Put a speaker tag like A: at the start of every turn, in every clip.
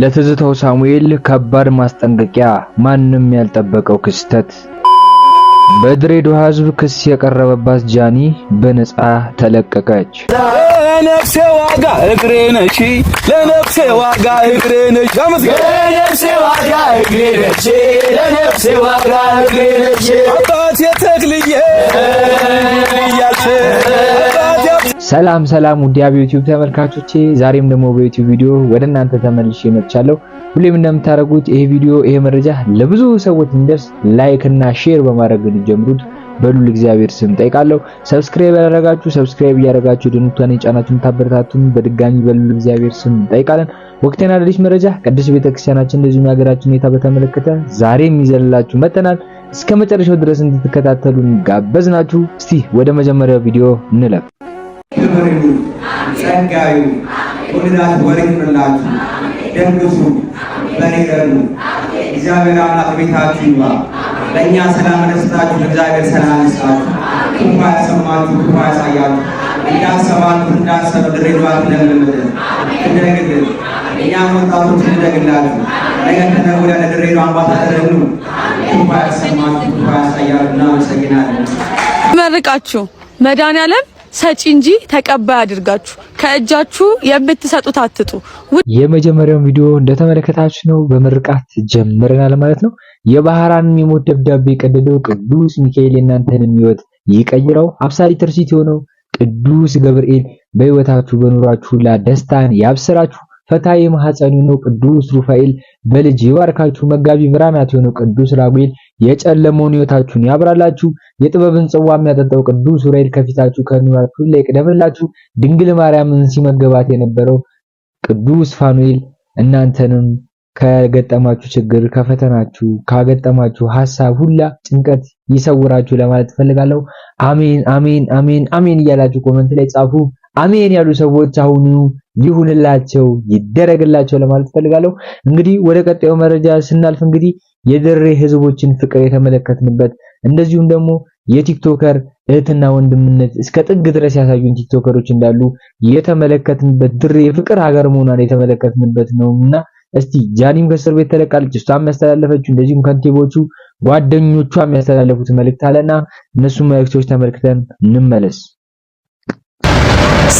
A: ለትዝታው ሳሙኤል ከባድ ማስጠንቀቂያ፣ ማንም ያልጠበቀው ክስተት። በድሬዳዋ ሕዝብ ክስ የቀረበባት ጃኒ በነፃ ተለቀቀች።
B: ለነፍሴ ዋጋ እግሬ ነሽ፣ ለነፍሴ ዋጋ እግሬ ለነፍሴ ዋጋ እግሬ ለነፍሴ ዋጋ እግሬ እያልሽ
A: ሰላም ሰላም ውዲያ አብ ዩቲዩብ ተመልካቾቼ፣ ዛሬም ደግሞ በዩቲዩብ ቪዲዮ ወደ እናንተ ተመልሼ መጥቻለሁ። ሁሌም እንደምታደርጉት ይሄ ቪዲዮ ይሄ መረጃ ለብዙ ሰዎች እንዲደርስ ላይክ እና ሼር በማድረግ እንጀምሩት በሉል እግዚአብሔር ስም ጠይቃለሁ። ሰብስክራይብ ያደረጋችሁ ሰብስክራይብ እያደረጋችሁ ድንቷን የጫናችሁን ታበረታቱን በድጋሚ በሉል እግዚአብሔር ስም ጠይቃለን። ወቅቴና አዳዲስ መረጃ ቅዱስ ቤተክርስቲያናችን እንደዚሁም የሀገራችን ሁኔታ በተመለከተ ዛሬም ይዘንላችሁ መጥተናል። እስከ መጨረሻው ድረስ እንድትከታተሉን ጋበዝናችሁ። እስቲ ወደ መጀመሪያው ቪዲዮ እንለፍ። ክብር ይሁን፣ ጸጋ ይሁን። ወልዳት ወርቅ ይሁንላችሁ፣ ደግፉ፣ በኔ እግዚአብሔር አምላክ ቤታችሁ ለእኛ ሰላም ደስታችሁ እግዚአብሔር ሰላም ይስጣችሁ። ክፉ ያሰማችሁ፣
C: ክፉ ያሳያችሁ። እንዳሰባችሁ እንዳሰብ ድሬዳዋት ለምልምልን እንደግልን እኛም ወጣቶች እንደግላችሁ ነገር ተነውለ ለድሬዳዋ አምባሳደር ነው። ክፉ ያሰማችሁ፣ ክፉ ያሳያችሁ። እናመሰግናለን። ይመርቃችሁ መድኃኔዓለም ሰጪ እንጂ ተቀባይ አድርጋችሁ ከእጃችሁ የምትሰጡት አትጡ።
A: የመጀመሪያው ቪዲዮ እንደተመለከታችሁ ነው፣ በምርቃት ጀምረናል ማለት ነው። የባህራን የሞት ደብዳቤ የቀደደው ቅዱስ ሚካኤል የእናንተን ሕይወት ይቀይረው። አብሳሪ ትርሲት የሆነው ቅዱስ ገብርኤል በህይወታችሁ በኑሯችሁ ሁሉ ደስታን ያብስራችሁ። ፈታ የማሐፀን የሆነው ቅዱስ ሩፋኤል በልጅ ይባርካችሁ። መጋቢ ብርሃናት የሆነው ቅዱስ ራጉኤል የጨለመውን ሕይወታችሁን ያብራላችሁ። የጥበብን ጽዋ የሚያጠጣው ቅዱስ ዑራኤል ከፊታችሁ ከሚባል ሁሉ ላይ ይቅደምላችሁ። ድንግል ማርያምን ሲመገባት የነበረው ቅዱስ ፋኑኤል እናንተንም ከገጠማችሁ ችግር፣ ከፈተናችሁ፣ ካገጠማችሁ ሀሳብ ሁላ ጭንቀት ይሰውራችሁ ለማለት ፈልጋለሁ። አሜን አሜን አሜን አሜን እያላችሁ ኮመንት ላይ ጻፉ። አሜን ያሉ ሰዎች አሁኑ ይሁንላቸው ይደረግላቸው ለማለት ፈልጋለሁ። እንግዲህ ወደ ቀጣዩ መረጃ ስናልፍ እንግዲህ የድሬ ህዝቦችን ፍቅር የተመለከትንበት እንደዚሁም ደግሞ የቲክቶከር እህትና ወንድምነት እስከ ጥግ ድረስ ያሳዩን ቲክቶከሮች እንዳሉ የተመለከትንበት ድሬ የፍቅር ሀገር መሆኗን የተመለከትንበት ነውና እስቲ ጃኒም ከእስር ቤት ተለቃለች፣ እሷ ያስተላለፈችው እንደዚሁም ከንቲቦቹ ጓደኞቿም ያስተላለፉት መልእክት አለና እነሱ መልእክቶች ተመልክተን እንመለስ።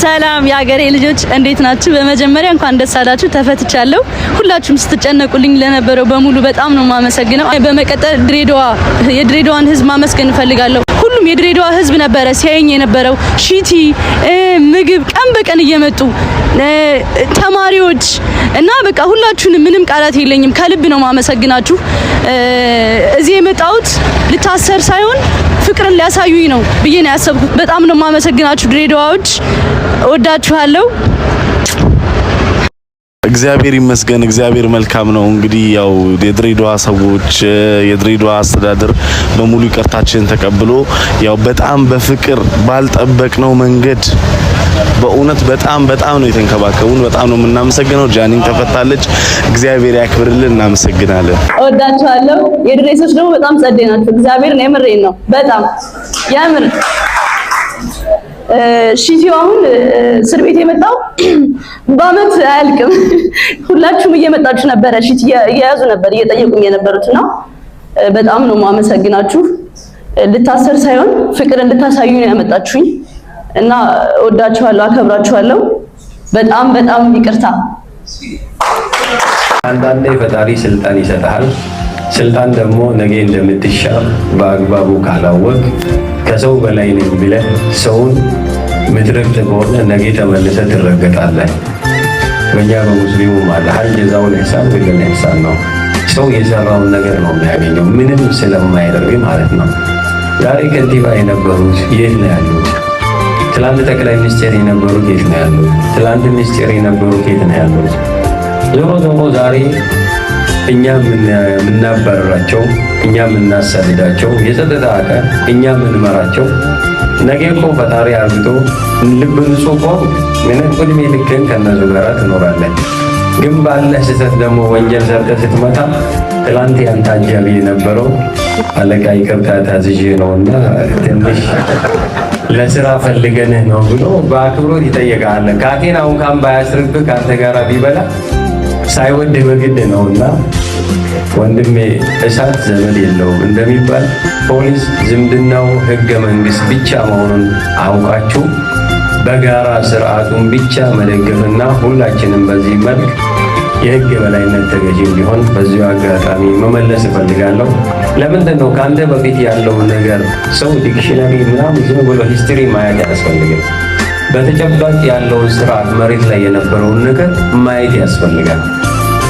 C: ሰላም የሀገሬ ልጆች እንዴት ናችሁ? በመጀመሪያ እንኳን ደስ አላችሁ፣ ተፈትቻለሁ። ሁላችሁም ስትጨነቁልኝ ለነበረው በሙሉ በጣም ነው የማመሰግነው። በመቀጠል ድሬዳዋ የድሬዳዋን ህዝብ ማመስገን እፈልጋለሁ። ሁሉም የድሬዳዋ ህዝብ ነበረ ሲያየኝ የነበረው ሺቲ ምግብ ቀን በቀን እየመጡ ተማሪዎች እና በቃ ሁላችሁንም ምንም ቃላት የለኝም። ከልብ ነው ማመሰግናችሁ። እዚህ የመጣሁት ልታሰር ሳይሆን ፍቅርን ሊያሳዩኝ ነው ብዬ ነው ያሰብኩት። በጣም ነው ማመሰግናችሁ ድሬዳዋዎች፣ ወዳችኋለሁ።
D: እግዚአብሔር ይመስገን፣ እግዚአብሔር መልካም ነው። እንግዲህ ያው የድሬዳዋ ሰዎች የድሬዳዋ አስተዳደር በሙሉ ይቅርታችንን ተቀብሎ ያው በጣም በፍቅር ባልጠበቅነው መንገድ በእውነት በጣም በጣም ነው የተንከባከቡን። በጣም ነው የምናመሰግነው። ጃኒን ተፈታለች። እግዚአብሔር ያክብርልን። እናመሰግናለን።
C: እወዳቸዋለሁ። የድሬ ሰዎች ደግሞ በጣም ጸዴ ናቸው። እግዚአብሔር ነው የምሬን ነው። በጣም የምር ሺቲው አሁን እስር ቤት የመጣው በአመት አያልቅም። ሁላችሁም እየመጣችሁ ነበረ፣ ሺቲ እየያዙ ነበር እየጠየቁኝ የነበሩት እና በጣም ነው የማመሰግናችሁ። ልታሰር ሳይሆን ፍቅር እንድታሳዩ ነው ያመጣችሁኝ እና ወዳችኋለሁ፣ አከብራችኋለሁ። በጣም በጣም ይቅርታ።
D: አንዳንዴ ፈጣሪ ስልጣን ይሰጣል። ስልጣን ደግሞ ነገ እንደምትሻ በአግባቡ ካላወቅ ከሰው በላይ ነኝ ብለህ ሰውን ምትረግ ከሆነ ነገ ተመልሰህ ትረገጣለህ። በእኛ በሙስሊሙ አለ ሀል ጀዛውን ሕሳብ ግልን ሕሳብ ነው። ሰው የሰራውን ነገር ነው የሚያገኘው ምንም ስለማይደርግ ማለት ነው። ዛሬ ከንቲባ የነበሩት የት ነው ያሉት? ትላንት ጠቅላይ ሚኒስቴር የነበሩት የት ነው ያሉት? ትላንት ሚኒስቴር የነበሩት የት ነው ያሉት? ዞሮ ዞሮ ዛሬ እኛ የምናባረራቸው፣ እኛ የምናሳድዳቸው የጸጥታ አካል እኛ የምንመራቸው ነገ እኮ ፈጣሪ አርግቶ ልብ ንጹህ ቆም ምን ዕድሜ ልክን ከነዙ ጋር ትኖራለን። ግን ባለ ስህተት ደግሞ ወንጀል ሰርተህ ስትመጣ ትላንት ያንተ አጃቢ የነበረው አለቃ ይቅርታ ታዝዤ ነውና ትንሽ ለስራ ፈልገንህ ነው ብሎ በአክብሮት ይጠየቃል። ካቴን አሁን ካም ባያስርብህ ከአንተ ጋር ቢበላ ሳይወድ በግድ ነውና ወንድሜ እሳት ዘመድ የለውም እንደሚባል ፖሊስ ዝምድናው ህገ መንግስት ብቻ መሆኑን አውቃችሁ በጋራ ስርዓቱን ብቻ መደገፍና ሁላችንም በዚህ መልክ የህግ የበላይነት ተገዥ እንዲሆን በዚሁ አጋጣሚ መመለስ እፈልጋለሁ። ለምንድን ነው ከአንተ በፊት ያለው ነገር ሰው ዲክሽነሪ ምናምን ዝም ብሎ ሂስትሪ ማየት ያስፈልግም። በተጨባጭ ያለውን ስራ መሬት ላይ የነበረውን ነገር ማየት ያስፈልጋል።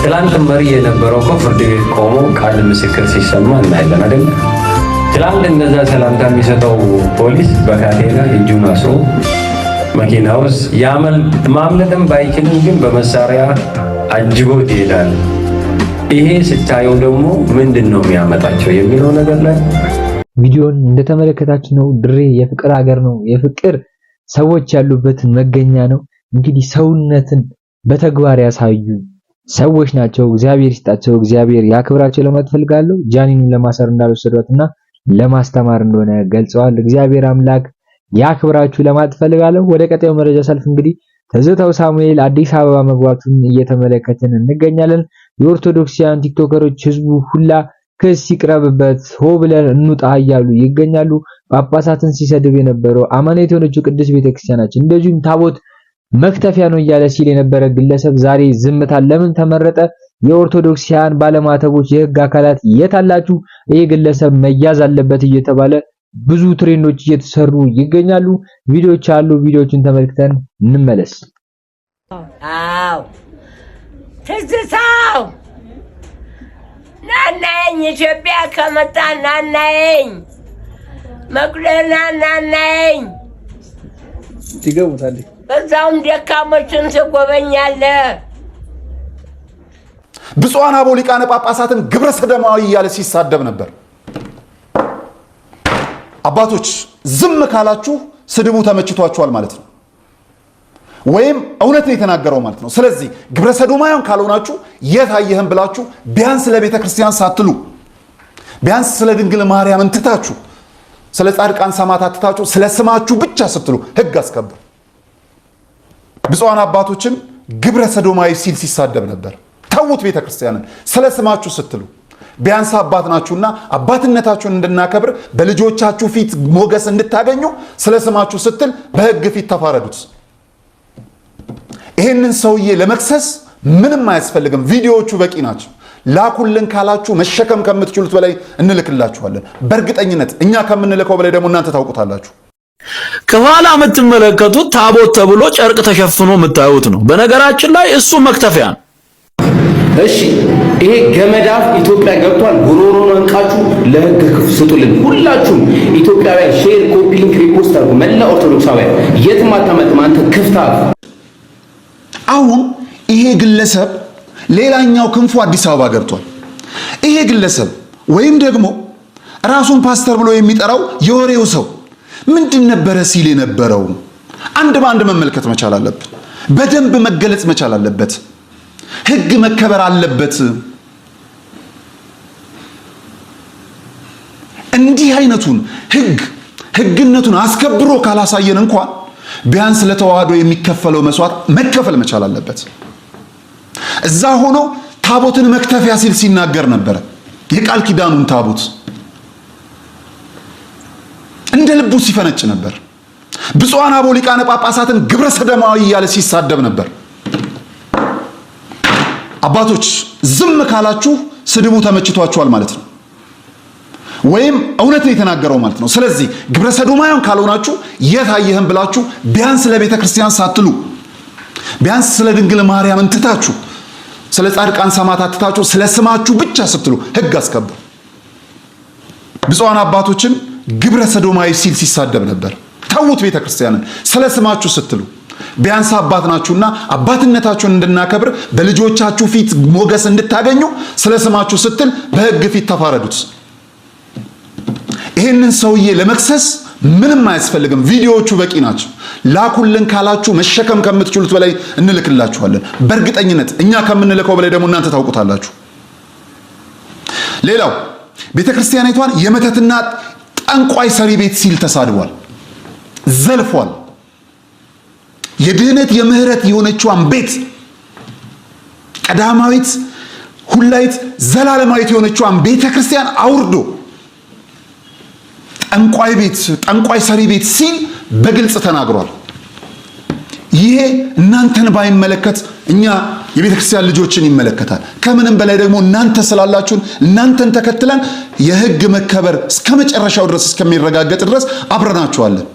D: ትላንት መሪ የነበረው እኮ ፍርድ ቤት ቆሞ ቃል ምስክር ሲሰማ እናያለን አይደለ? ትላንት እነዛ ሰላምታ የሚሰጠው ፖሊስ በካቴና እጁን አስሮ መኪና ውስጥ ማምለጥም ባይችልም ግን በመሳሪያ አጅበው ይሄዳል። ይሄ ስታየው ደግሞ ምንድን ነው የሚያመጣቸው የሚለው ነገር ላይ
A: ቪዲዮን እንደተመለከታችሁ ነው። ድሬ የፍቅር ሀገር ነው። የፍቅር ሰዎች ያሉበትን መገኛ ነው። እንግዲህ ሰውነትን በተግባር ያሳዩ ሰዎች ናቸው። እግዚአብሔር ይስጣቸው፣ እግዚአብሔር ያክብራቸው ለማለት ፈልጋለሁ። ጃኒንም ለማሰር እንዳልወሰዷትና ለማስተማር እንደሆነ ገልጸዋል። እግዚአብሔር አምላክ ያክብራችሁ ለማለት ፈልጋለሁ። ወደ ቀጣዩ መረጃ ሰልፍ እንግዲህ ትዝታው ሳሙኤል አዲስ አበባ መግባቱን እየተመለከትን እንገኛለን። የኦርቶዶክሲያን ቲክቶከሮች ህዝቡ ሁላ ክስ ይቅረብበት ሆ ብለን እንውጣ እያሉ ይገኛሉ። ጳጳሳትን ሲሰድብ የነበረው አማኔት የሆነችው ቅድስት ቤተክርስቲያናችን እንደዚሁም ታቦት መክተፊያ ነው እያለ ሲል የነበረ ግለሰብ ዛሬ ዝምታን ለምን ተመረጠ? የኦርቶዶክሲያን ባለማተቦች፣ የህግ አካላት የት አላችሁ? ይህ ግለሰብ መያዝ አለበት እየተባለ ብዙ ትሬንዶች እየተሰሩ ይገኛሉ። ቪዲዮዎች አሉ። ቪዲዮዎችን ተመልክተን እንመለስ።
E: አዎ ናናየኝ ኢትዮጵያ ከመጣ ናናየኝ መቅደላ ናናየኝ ይገቡታል። በዛውም ደካሞችን ትጎበኛለህ። ብፁዓን አበው ሊቃነ ጳጳሳትን ግብረ ሰደማዊ እያለ ሲሳደብ ነበር። አባቶች ዝም ካላችሁ ስድቡ ተመችቷችኋል ማለት ነው። ወይም እውነት ነው የተናገረው ማለት ነው። ስለዚህ ግብረ ሰዶማውያን ካልሆናችሁ የት አየህን ብላችሁ ቢያንስ ለቤተ ክርስቲያን ሳትሉ ቢያንስ ስለ ድንግል ማርያም እንትታችሁ ስለ ጻድቃን ሰማዕታት ትታችሁ ስለ ስማችሁ ብቻ ስትሉ ህግ አስከብር። ብፁዓን አባቶችን ግብረ ሰዶማዊ ሲል ሲሳደብ ነበር። ተዉት፣ ቤተ ክርስቲያንን ስለ ስማችሁ ስትሉ ቢያንስ አባት ናችሁና አባትነታችሁን እንድናከብር በልጆቻችሁ ፊት ሞገስ እንድታገኙ ስለ ስማችሁ ስትል በህግ ፊት ተፋረዱት። ይሄንን ሰውዬ ለመክሰስ ምንም አያስፈልግም። ቪዲዮዎቹ በቂ ናቸው። ላኩልን ካላችሁ መሸከም ከምትችሉት በላይ እንልክላችኋለን። በእርግጠኝነት እኛ ከምንልከው በላይ ደግሞ እናንተ ታውቁታላችሁ። ከኋላ የምትመለከቱት ታቦት ተብሎ ጨርቅ ተሸፍኖ የምታዩት ነው። በነገራችን ላይ እሱ መክተፊያ ነው። እሺ ይሄ ገመዳፍ ኢትዮጵያ ገብቷል። ጉሮሮ አንቃችሁ ለህግ ስጡልን። ሁላችሁም ኢትዮጵያውያን ሼር፣ ኮፒ ሊንክ፣ ሪፖስት አድርጉ። መላ ኦርቶዶክሳውያን የትም አታመልጥም አንተ ክፍታፍ አሁን ይሄ ግለሰብ ሌላኛው ክንፉ አዲስ አበባ ገብቷል። ይሄ ግለሰብ ወይም ደግሞ ራሱን ፓስተር ብሎ የሚጠራው የወሬው ሰው ምንድን ነበረ ሲል የነበረው አንድ በአንድ መመልከት መቻል አለብን። በደንብ መገለጽ መቻል አለበት። ህግ መከበር አለበት። እንዲህ አይነቱን ህግ ህግነቱን አስከብሮ ካላሳየን እንኳን ቢያንስ ለተዋህዶ የሚከፈለው መስዋዕት መከፈል መቻል አለበት። እዛ ሆኖ ታቦትን መክተፊያ ሲል ሲናገር ነበረ። የቃል ኪዳኑን ታቦት እንደ ልቡ ሲፈነጭ ነበር። ብፁዓን አበው ሊቃነ ጳጳሳትን ግብረ ሰደማዊ እያለ ሲሳደብ ነበር። አባቶች ዝም ካላችሁ ስድቡ ተመችቷችኋል ማለት ነው። ወይም እውነትን የተናገረው ማለት ነው። ስለዚህ ግብረ ሰዶማውያን ካልሆናችሁ የት አየህን ብላችሁ ቢያንስ ለቤተ ክርስቲያን ሳትሉ ቢያንስ ስለ ድንግል ማርያም እንትታችሁ ስለ ጻድቃን ሰማዕታት ትታችሁ ስለ ስማችሁ ብቻ ስትሉ ህግ አስከብሩ። ብፁዓን አባቶችን ግብረ ሰዶማዊ ሲል ሲሳደብ ነበር። ተዉት፣ ቤተ ክርስቲያንን ስለ ስማችሁ ስትሉ ቢያንስ አባት ናችሁና አባትነታችሁን እንድናከብር በልጆቻችሁ ፊት ሞገስ እንድታገኙ ስለ ስማችሁ ስትል በህግ ፊት ተፋረዱት። ይህንን ሰውዬ ለመክሰስ ምንም አያስፈልግም። ቪዲዮዎቹ በቂ ናቸው። ላኩልን ካላችሁ መሸከም ከምትችሉት በላይ እንልክላችኋለን። በእርግጠኝነት እኛ ከምንልከው በላይ ደግሞ እናንተ ታውቁታላችሁ። ሌላው ቤተ ክርስቲያኒቷን የመተትና ጠንቋይ ሰሪ ቤት ሲል ተሳድቧል፣ ዘልፏል። የድህነት የምህረት የሆነችዋን ቤት ቀዳማዊት ሁላይት ዘላለማዊት የሆነችዋን ቤተ ክርስቲያን አውርዶ ጠንቋይ ቤት ጠንቋይ ሰሪ ቤት ሲል በግልጽ ተናግሯል። ይሄ እናንተን ባይመለከት እኛ የቤተ ክርስቲያን ልጆችን ይመለከታል። ከምንም በላይ ደግሞ እናንተ ስላላችሁን እናንተን ተከትለን የህግ መከበር እስከ መጨረሻው ድረስ እስከሚረጋገጥ ድረስ አብረናችኋለን።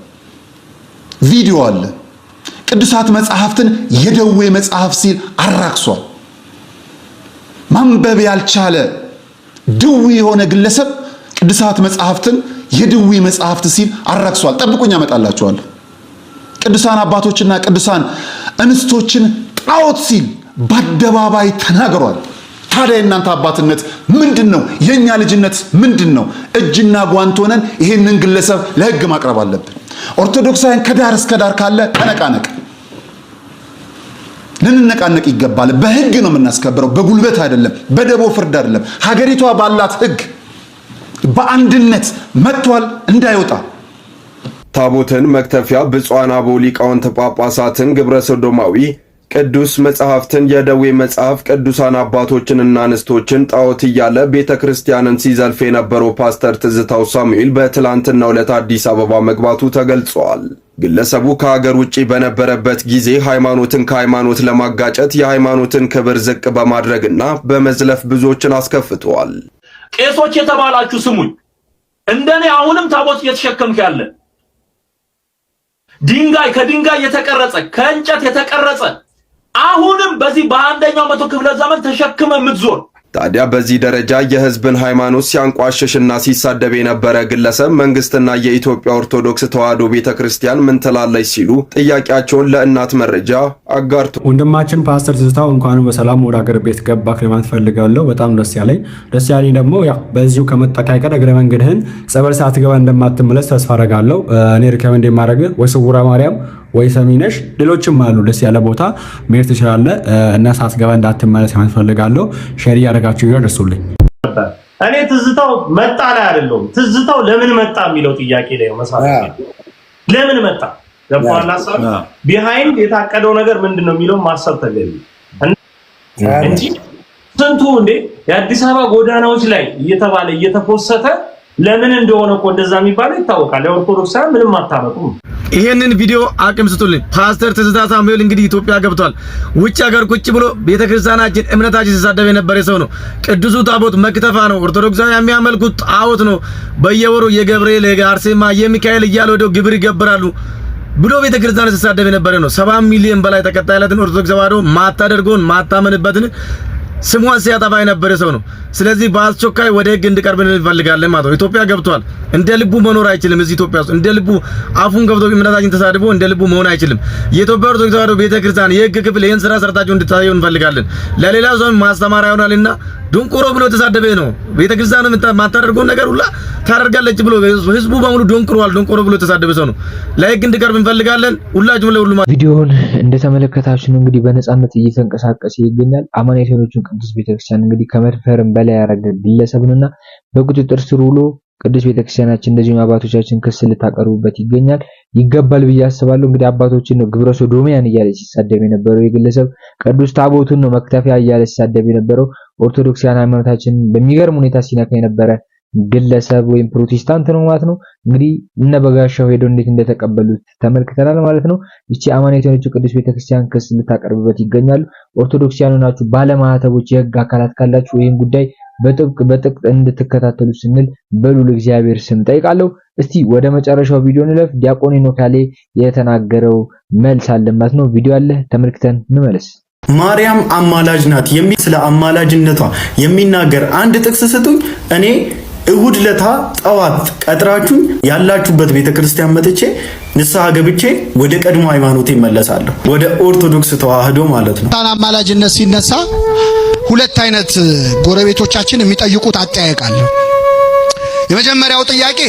E: ቪዲዮ አለ። ቅዱሳት መጽሐፍትን የደዌ መጽሐፍ ሲል አራክሷል። ማንበብ ያልቻለ ድዊ የሆነ ግለሰብ ቅዱሳት መጽሐፍትን የድዊ መጽሐፍት ሲል አራክሷል። ጠብቁኝ አመጣላችኋለሁ። ቅዱሳን አባቶችና ቅዱሳን እንስቶችን ጣዖት ሲል በአደባባይ ተናግሯል። ታዲያ የእናንተ አባትነት ምንድን ነው? የእኛ ልጅነት ምንድን ነው? እጅና ጓንት ሆነን ይህንን ግለሰብ ለህግ ማቅረብ አለብን። ኦርቶዶክሳውያን ከዳር እስከ ዳር ካለ ተነቃነቅ፣ ልንነቃነቅ ይገባል። በህግ ነው የምናስከብረው፣ በጉልበት አይደለም፣ በደቦ ፍርድ አይደለም። ሀገሪቷ ባላት ህግ በአንድነት መጥቷል እንዳይወጣ
F: ታቦትን መክተፊያ ብፁዓን አበው ሊቃውንተ ጳጳሳትን ግብረ ሰዶማዊ ቅዱስ መጽሐፍትን የደዌ መጽሐፍ ቅዱሳን አባቶችንና አንስቶችን ጣዖት እያለ ቤተ ክርስቲያንን ሲዘልፍ የነበረው ፓስተር ትዝታው ሳሙኤል በትላንትናው ዕለት አዲስ አበባ መግባቱ ተገልጿል። ግለሰቡ ከሀገር ውጪ በነበረበት ጊዜ ሃይማኖትን ከሃይማኖት ለማጋጨት የሃይማኖትን ክብር ዝቅ በማድረግና በመዝለፍ ብዙዎችን አስከፍተዋል።
E: ቄሶች የተባላችሁ ስሙኝ፣ እንደኔ አሁንም ታቦት እየተሸከምክ ያለ ድንጋይ ከድንጋይ የተቀረጸ ከእንጨት የተቀረጸ አሁንም በዚህ በአንደኛው መቶ ክፍለ ዘመን ተሸክመ የምትዞር
F: ታዲያ በዚህ ደረጃ የህዝብን ሃይማኖት ሲያንቋሽሽና ሲሳደብ የነበረ ግለሰብ መንግስትና የኢትዮጵያ ኦርቶዶክስ ተዋሕዶ ቤተ ክርስቲያን ምን ትላለች ሲሉ ጥያቄያቸውን ለእናት መረጃ አጋርቶ
A: ወንድማችን ፓስተር ትዝታው እንኳን በሰላም ወደ አገር ቤት ገባ ክሊማት ፈልጋለሁ። በጣም ደስ ያለኝ ደስ ያለኝ ደግሞ በዚሁ ከመጠቃይ ቀን እግረ መንገድህን ጸበል ሳትገባ እንደማትመለስ ተስፋ አረጋለሁ። እኔ ሪከመንድ የማደርግህ ወስውራ ማርያም ወይ ሰሚነሽ ሌሎችም አሉ። ደስ ያለ ቦታ መሄድ ትችላለ እና ሳስገባ እንዳትመለስ ያስፈልጋለሁ። ሸሪ ያደረጋችሁ ይሆ ደርሱልኝ።
E: እኔ ትዝታው መጣ ላይ አይደለሁም። ትዝታው ለምን መጣ የሚለው ጥያቄ ላይ መስራት ለምን መጣ ገባላ ቢሃይንድ የታቀደው ነገር ምንድን ነው የሚለው ማሰብ ተገቢ እንጂ ስንቱ እንዴ የአዲስ አበባ ጎዳናዎች ላይ እየተባለ እየተፖሰተ ለምን እንደሆነ እኮ እንደዛ የሚባለ ይታወቃል። ኦርቶዶክሳን ምንም አታረቁም። ይሄንን ቪዲዮ አቅም ስጡልኝ። ፓስተር ትዝታ ሳሙኤል እንግዲህ ኢትዮጵያ ገብቷል። ውጭ ሀገር ቁጭ ብሎ ቤተክርስቲያናችን እምነታችን ሲሳደብ የነበረ ሰው ነው። ቅዱሱ ታቦት መክተፋ ነው፣ ኦርቶዶክሳዊ የሚያመልኩት ጣዖት ነው። በየወሩ የገብርኤል የአርሴማ የሚካኤል እያለ ወደው ግብር ይገብራሉ ብሎ ቤተክርስቲያን ሲሳደብ የነበረ ነው። ሰባ ሚሊዮን በላይ ተከታይ ኦርቶዶክስ ተዋህዶ ማታደርገውን ማታመንበትን ስሟን ሲያጠፋ የነበረ ሰው ነው። ስለዚህ በአስቸኳይ ወደ ህግ እንዲቀርብ እንፈልጋለን ማለት ነው። ኢትዮጵያ ገብቷል። እንደ ልቡ መኖር አይችልም። እዚህ ኢትዮጵያ ውስጥ እንደ ልቡ አፉን ገብቶ እምነታችን ተሳድቦ እንደ ልቡ መሆን አይችልም። የኢትዮጵያ ኦርቶዶክስ ተዋሕዶ ቤተክርስቲያን የህግ ክፍል ይህን ስራ ሰርታችሁ እንድታዩ እንፈልጋለን። ለሌላ ሰው ማስተማሪያ ይሆናልና ድንቁሮ ብሎ ተሳደበ ነው። ቤተክርስቲያን የማታደርገውን ነገር ሁላ ታደርጋለች ብሎ ህዝቡ በሙሉ ድንቁሯል። ድንቁሮ ብሎ ተሳደበ ሰው ነው። ለህግ እንድቀርብ እንፈልጋለን።
A: ሁላችሁም ለሁሉም ቪዲዮውን እንደተመለከታችሁ እንግዲህ በነጻነት እየተንቀሳቀሰ ይገኛል። አማኔቶቹን ቅዱስ ቤተክርስቲያን እንግዲህ ከመድፈርም በላይ ያደረገ ግለሰብንና በቁጥጥር ስር ውሎ ቅዱስ ቤተክርስቲያናችን እንደዚሁም አባቶቻችን ክስ ልታቀርቡበት ይገኛል ይገባል ብዬ አስባለሁ። እንግዲህ አባቶችን ነው ግብረ ሶዶሚያን እያለ ሲሳደብ የነበረው የግለሰብ ቅዱስ ታቦቱን ነው መክተፊያ እያለ ሲሳደብ የነበረው ኦርቶዶክሲያን ሃይማኖታችን በሚገርም ሁኔታ ሲነካ የነበረ ግለሰብ ወይም ፕሮቴስታንት ነው ማለት ነው። እንግዲህ እነ በጋሻው ሄደው እንዴት እንደተቀበሉት ተመልክተናል ማለት ነው። ይቺ አማኔት የሆነችው ቅዱስ ቤተክርስቲያን ክስ ልታቀርብበት ይገኛሉ። ኦርቶዶክሲያን ናችሁ ባለማህተቦች፣ የህግ አካላት ካላችሁ ይህን ጉዳይ በጥብቅ በጥብቅ እንድትከታተሉ ስንል በሉል እግዚአብሔር ስም ጠይቃለሁ። እስቲ ወደ መጨረሻው ቪዲዮ እንለፍ። ዲያቆን ሄኖክ ያሌ የተናገረው መልስ አለ ማለት ነው። ቪዲዮ አለ ተመልክተን እንመለስ።
E: ማርያም አማላጅ ናት የሚል ስለ አማላጅነቷ የሚናገር አንድ ጥቅስ ስጡኝ እኔ እሁድ ለታ ጠዋት ቀጥራችሁኝ ያላችሁበት ቤተ ክርስቲያን መጥቼ ንስሐ ገብቼ ወደ ቀድሞ ሃይማኖት ይመለሳለሁ፣ ወደ ኦርቶዶክስ ተዋህዶ ማለት ነው። ታን አማላጅነት ሲነሳ ሁለት አይነት ጎረቤቶቻችን የሚጠይቁት አጠያየቃል። የመጀመሪያው ጥያቄ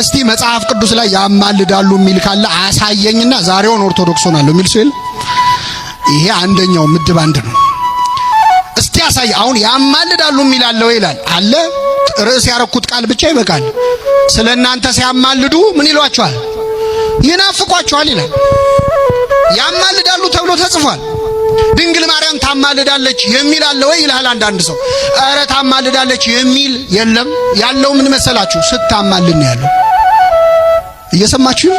E: እስቲ መጽሐፍ ቅዱስ ላይ ያማልዳሉ የሚል ካለ አሳየኝና ዛሬውን ኦርቶዶክስ ሆናለሁ የሚል ሲል ይሄ አንደኛው ምድብ አንድ ነው። እስቲ አሳይ። አሁን ያማልዳሉ የሚል አለው ይላል አለ ርዕስ ያረኩት ቃል ብቻ ይበቃል። ስለ እናንተ ሲያማልዱ ምን ይሏቸዋል? ይናፍቋቸዋል ይላል። ያማልዳሉ ተብሎ ተጽፏል። ድንግል ማርያም ታማልዳለች የሚል አለ ወይ ይልሃል አንዳንድ ሰው። እረ ታማልዳለች የሚል የለም። ያለው ምን መሰላችሁ? ስታማልድ ነው ያለው። እየሰማችሁ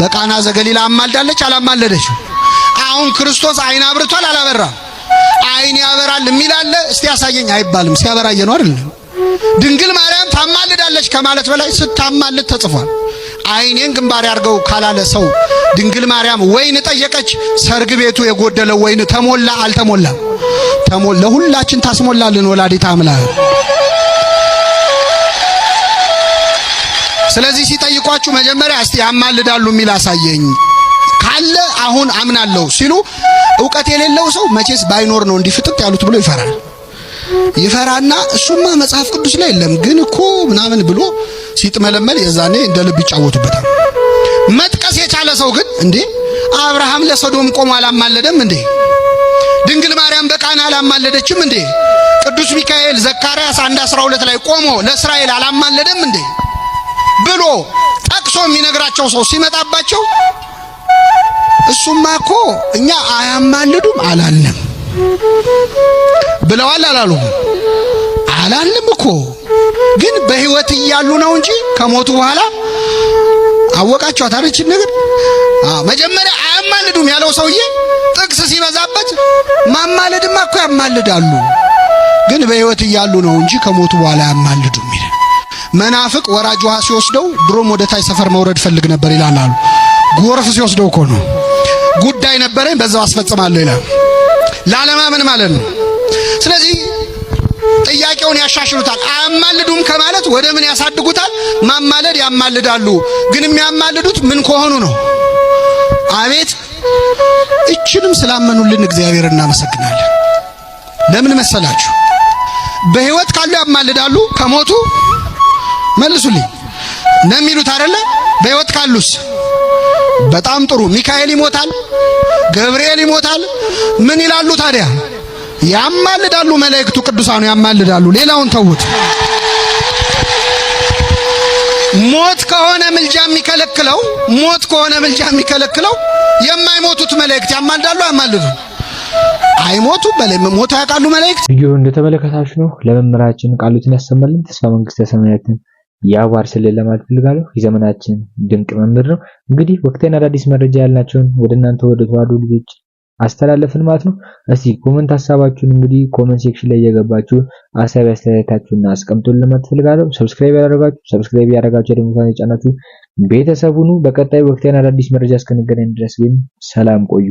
E: በቃና ዘገሊላ አማልዳለች አላማለደችው አሁን ክርስቶስ አይን አብርቷል አላበራም? አይን ያበራል የሚል አለ። እስቲ ያሳየኝ አይባልም። ሲያበራየ ነው አይደለም ድንግል ማርያም ታማልዳለች ከማለት በላይ ስታማልድ ተጽፏል። አይኔን ግንባር ያርገው ካላለ ሰው ድንግል ማርያም ወይን ጠየቀች። ሰርግ ቤቱ የጎደለው ወይን ተሞላ አልተሞላም? ተሞላ። ለሁላችን ታስሞላልን ወላዲተ አምላክ። ስለዚህ ሲጠይቋችሁ መጀመሪያ እስቲ ያማልዳሉ የሚል አሳየኝ ካለ አሁን አምናለሁ ሲሉ እውቀት የሌለው ሰው መቼስ ባይኖር ነው እንዲህ ያሉት ብሎ ይፈራል። ይፈራና እሱማ መጽሐፍ ቅዱስ ላይ የለም ግን እኮ ምናምን ብሎ ሲጥመለመል የዛኔ እንደ ልብ ይጫወቱበታል። መጥቀስ የቻለ ሰው ግን እንዴ አብርሃም ለሰዶም ቆሞ አላማለደም እንዴ? ድንግል ማርያም በቃና አላማለደችም እንዴ? ቅዱስ ሚካኤል ዘካርያስ 1:12 ላይ ቆሞ ለእስራኤል አላማለደም እንዴ ብሎ ጠቅሶ የሚነግራቸው ሰው ሲመጣባቸው እሱማ እኮ እኛ አያማልዱም አላልንም ብለዋል አላሉም? አላልም እኮ ግን በህይወት እያሉ ነው እንጂ ከሞቱ በኋላ አወቃቸው አለች ነገር መጀመሪያ አያማልዱም ያለው ሰውዬ ጥቅስ ሲበዛበት ማማለድማ እኮ ያማልዳሉ፣ ግን በህይወት እያሉ ነው እንጂ ከሞቱ በኋላ አያማልዱም ይላል። መናፍቅ ወራጅ ውሃ ሲወስደው ድሮም ወደ ታች ሰፈር መውረድ ፈልግ ነበር ይላል አሉ። ጎርፍ ሲወስደው እኮ ነው ጉዳይ ነበረኝ በዛው አስፈጽማለሁ ይላል። ላለማመን ማለት ነው። ስለዚህ ጥያቄውን ያሻሽሉታል። አያማልዱም ከማለት ወደ ምን ያሳድጉታል? ማማለድ ያማልዳሉ። ግን የሚያማልዱት ምን ከሆኑ ነው? አቤት እችንም ስላመኑልን እግዚአብሔር እናመሰግናለን። ለምን መሰላችሁ? በህይወት ካሉ ያማልዳሉ፣ ከሞቱ መልሱልኝ ነው የሚሉት አይደለ? በህይወት ካሉስ በጣም ጥሩ። ሚካኤል ይሞታል፣ ገብርኤል ይሞታል። ምን ይላሉ ታዲያ? ያማልዳሉ። መላእክቱ ቅዱሳኑ ያማልዳሉ። ሌላውን ተውት። ሞት ከሆነ ምልጃ የሚከለክለው ሞት ከሆነ ምልጃ የሚከለክለው የማይሞቱት መላእክት ያማልዳሉ። ያማልዱ አይሞቱ በለም ሞታ ያውቃሉ መላእክት።
A: ቪዲዮ እንደተመለከታችሁ ነው። ለመምህራችን ቃሉትን ያሰማልን። ተስፋ መንግስተ ሰማያትን የአዋር ስልን ለማለት ፈልጋለሁ። የዘመናችን ድንቅ መምህር ነው። እንግዲህ ወቅታዊና አዳዲስ መረጃ ያልናቸውን ወደ እናንተ ወደ ተዋሕዶ ልጆች አስተላለፍን ማለት ነው። እስቲ ኮመንት ሀሳባችሁን እንግዲህ ኮመንት ሴክሽን ላይ እየገባችሁ አሳብ አስተያየታችሁን አስቀምጡልን ማለት ፈልጋለሁ። ሰብስክራይብ ያደረጋችሁ ሰብስክራይብ ያደረጋችሁ ደግሞ ሳኔ ጫናችሁ ቤተሰቡኑ በቀጣይ ወቅታዊና አዳዲስ መረጃ እስከንገናኝ ድረስ ግን ሰላም ቆዩ።